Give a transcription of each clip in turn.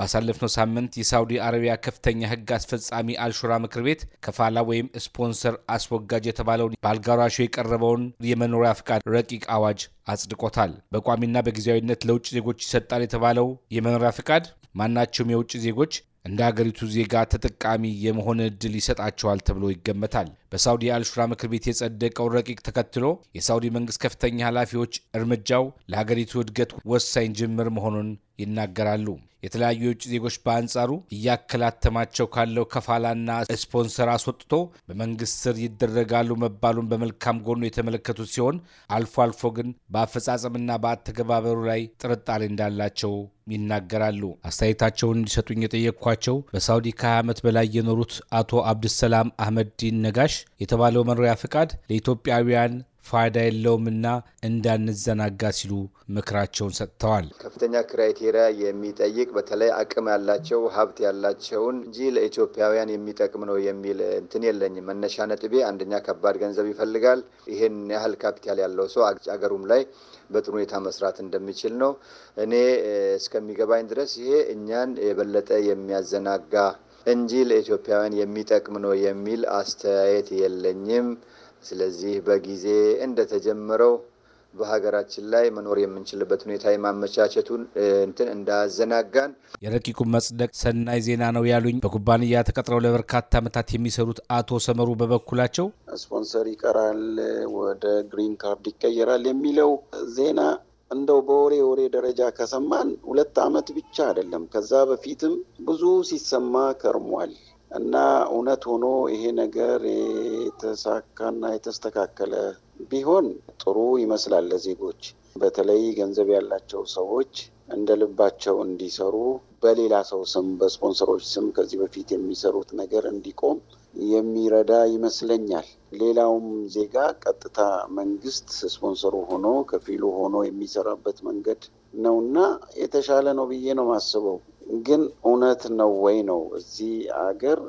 ባሳለፍነው ሳምንት የሳውዲ አረቢያ ከፍተኛ ሕግ አስፈጻሚ አልሹራ ምክር ቤት ከፋላ ወይም ስፖንሰር አስወጋጅ የተባለውን በአልጋራሹ የቀረበውን የመኖሪያ ፍቃድ ረቂቅ አዋጅ አጽድቆታል። በቋሚና በጊዜያዊነት ለውጭ ዜጎች ይሰጣል የተባለው የመኖሪያ ፍቃድ ማናቸውም የውጭ ዜጎች እንደ አገሪቱ ዜጋ ተጠቃሚ የመሆን እድል ይሰጣቸዋል ተብሎ ይገመታል። በሳውዲ አልሹራ ምክር ቤት የጸደቀው ረቂቅ ተከትሎ የሳውዲ መንግስት ከፍተኛ ኃላፊዎች እርምጃው ለሀገሪቱ እድገት ወሳኝ ጅምር መሆኑን ይናገራሉ። የተለያዩ የውጭ ዜጎች በአንጻሩ እያከላተማቸው ካለው ከፋላና ስፖንሰር አስወጥቶ በመንግስት ስር ይደረጋሉ መባሉን በመልካም ጎኑ የተመለከቱ ሲሆን አልፎ አልፎ ግን በአፈጻጸምና በአተገባበሩ ላይ ጥርጣሬ እንዳላቸው ይናገራሉ። አስተያየታቸውን እንዲሰጡኝ የጠየቅኳቸው በሳውዲ ከ20 ዓመት በላይ የኖሩት አቶ አብድሰላም አህመዲን ነጋሽ የተባለው መኖሪያ ፍቃድ ለኢትዮጵያውያን ፋይዳ የለውምና እንዳንዘናጋ ሲሉ ምክራቸውን ሰጥተዋል። ከፍተኛ ክራይቴሪያ የሚጠይቅ በተለይ አቅም ያላቸው ሀብት ያላቸውን እንጂ ለኢትዮጵያውያን የሚጠቅም ነው የሚል እንትን የለኝም። መነሻ ነጥቤ አንደኛ ከባድ ገንዘብ ይፈልጋል። ይሄን ያህል ካፒታል ያለው ሰው አገሩም ላይ በጥሩ ሁኔታ መስራት እንደሚችል ነው። እኔ እስከሚገባኝ ድረስ ይሄ እኛን የበለጠ የሚያዘናጋ እንጂ ለኢትዮጵያውያን የሚጠቅም ነው የሚል አስተያየት የለኝም። ስለዚህ በጊዜ እንደተጀመረው በሀገራችን ላይ መኖር የምንችልበት ሁኔታ የማመቻቸቱን እንትን እንዳዘናጋን የረቂቁ መጽደቅ ሰናይ ዜና ነው ያሉኝ በኩባንያ ተቀጥረው ለበርካታ ዓመታት የሚሰሩት አቶ ሰመሩ በበኩላቸው ስፖንሰር ይቀራል፣ ወደ ግሪን ካርድ ይቀየራል የሚለው ዜና እንደው በወሬ ወሬ ደረጃ ከሰማን ሁለት ዓመት ብቻ አይደለም፣ ከዛ በፊትም ብዙ ሲሰማ ከርሟል። እና እውነት ሆኖ ይሄ ነገር የተሳካና የተስተካከለ ቢሆን ጥሩ ይመስላል ለዜጎች። በተለይ ገንዘብ ያላቸው ሰዎች እንደ ልባቸው እንዲሰሩ በሌላ ሰው ስም በስፖንሰሮች ስም ከዚህ በፊት የሚሰሩት ነገር እንዲቆም የሚረዳ ይመስለኛል። ሌላውም ዜጋ ቀጥታ መንግስት ስፖንሰሩ ሆኖ ከፊሉ ሆኖ የሚሰራበት መንገድ ነውና የተሻለ ነው ብዬ ነው ማስበው። ግን እውነት ነው ወይ ነው እዚህ አገር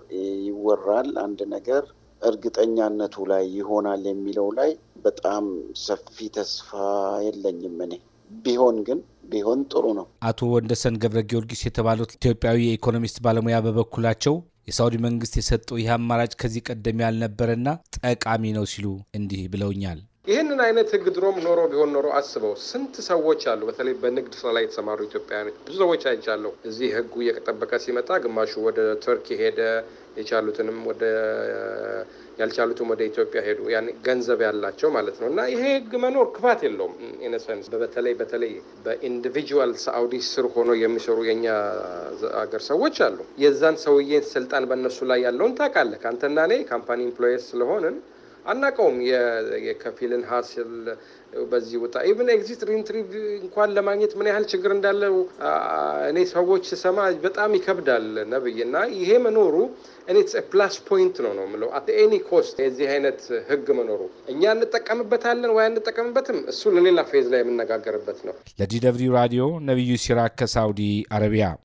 ይወራል አንድ ነገር እርግጠኛነቱ ላይ ይሆናል የሚለው ላይ በጣም ሰፊ ተስፋ የለኝም እኔ። ቢሆን ግን ቢሆን ጥሩ ነው። አቶ ወንደሰን ገብረ ጊዮርጊስ የተባሉት ኢትዮጵያዊ የኢኮኖሚስት ባለሙያ በበኩላቸው የሳውዲ መንግስት የሰጠው ይህ አማራጭ ከዚህ ቀደም ያልነበረና ጠቃሚ ነው ሲሉ እንዲህ ብለውኛል። ይህንን አይነት ህግ ድሮም ኖሮ ቢሆን ኖሮ አስበው ስንት ሰዎች አሉ፣ በተለይ በንግድ ስራ ላይ የተሰማሩ ኢትዮጵያውያኖች ብዙ ሰዎች አይቻለሁ። እዚህ ህጉ እየተጠበቀ ሲመጣ ግማሹ ወደ ቱርክ ሄደ፣ የቻሉትንም ወደ ያልቻሉትም ወደ ኢትዮጵያ ሄዱ። ያን ገንዘብ ያላቸው ማለት ነው። እና ይሄ ህግ መኖር ክፋት የለውም። ኢነሰንስ በተለይ በተለይ በኢንዲቪጁዋል ሳኡዲ ስር ሆኖ የሚሰሩ የኛ አገር ሰዎች አሉ። የዛን ሰውዬን ስልጣን በእነሱ ላይ ያለውን ታውቃለህ። ከአንተና እኔ ካምፓኒ ኢምፕሎየርስ ስለሆንን አናቀውም የከፊልን ሀስል በዚህ ውጣ ኢቭን ኤግዚት ሪንትሪቭ እንኳን ለማግኘት ምን ያህል ችግር እንዳለው እኔ ሰዎች ስሰማ በጣም ይከብዳል ነብይ እና ይሄ መኖሩ እኔ ፕላስ ፖይንት ነው ነው የምለው አት ኤኒ ኮስት የዚህ አይነት ህግ መኖሩ እኛ እንጠቀምበታለን ወይ አንጠቀምበትም፣ እሱ ለሌላ ፌዝ ላይ የምነጋገርበት ነው። ለዲ ራዲዮ ነቢዩ ሲራክ ከሳውዲ አረቢያ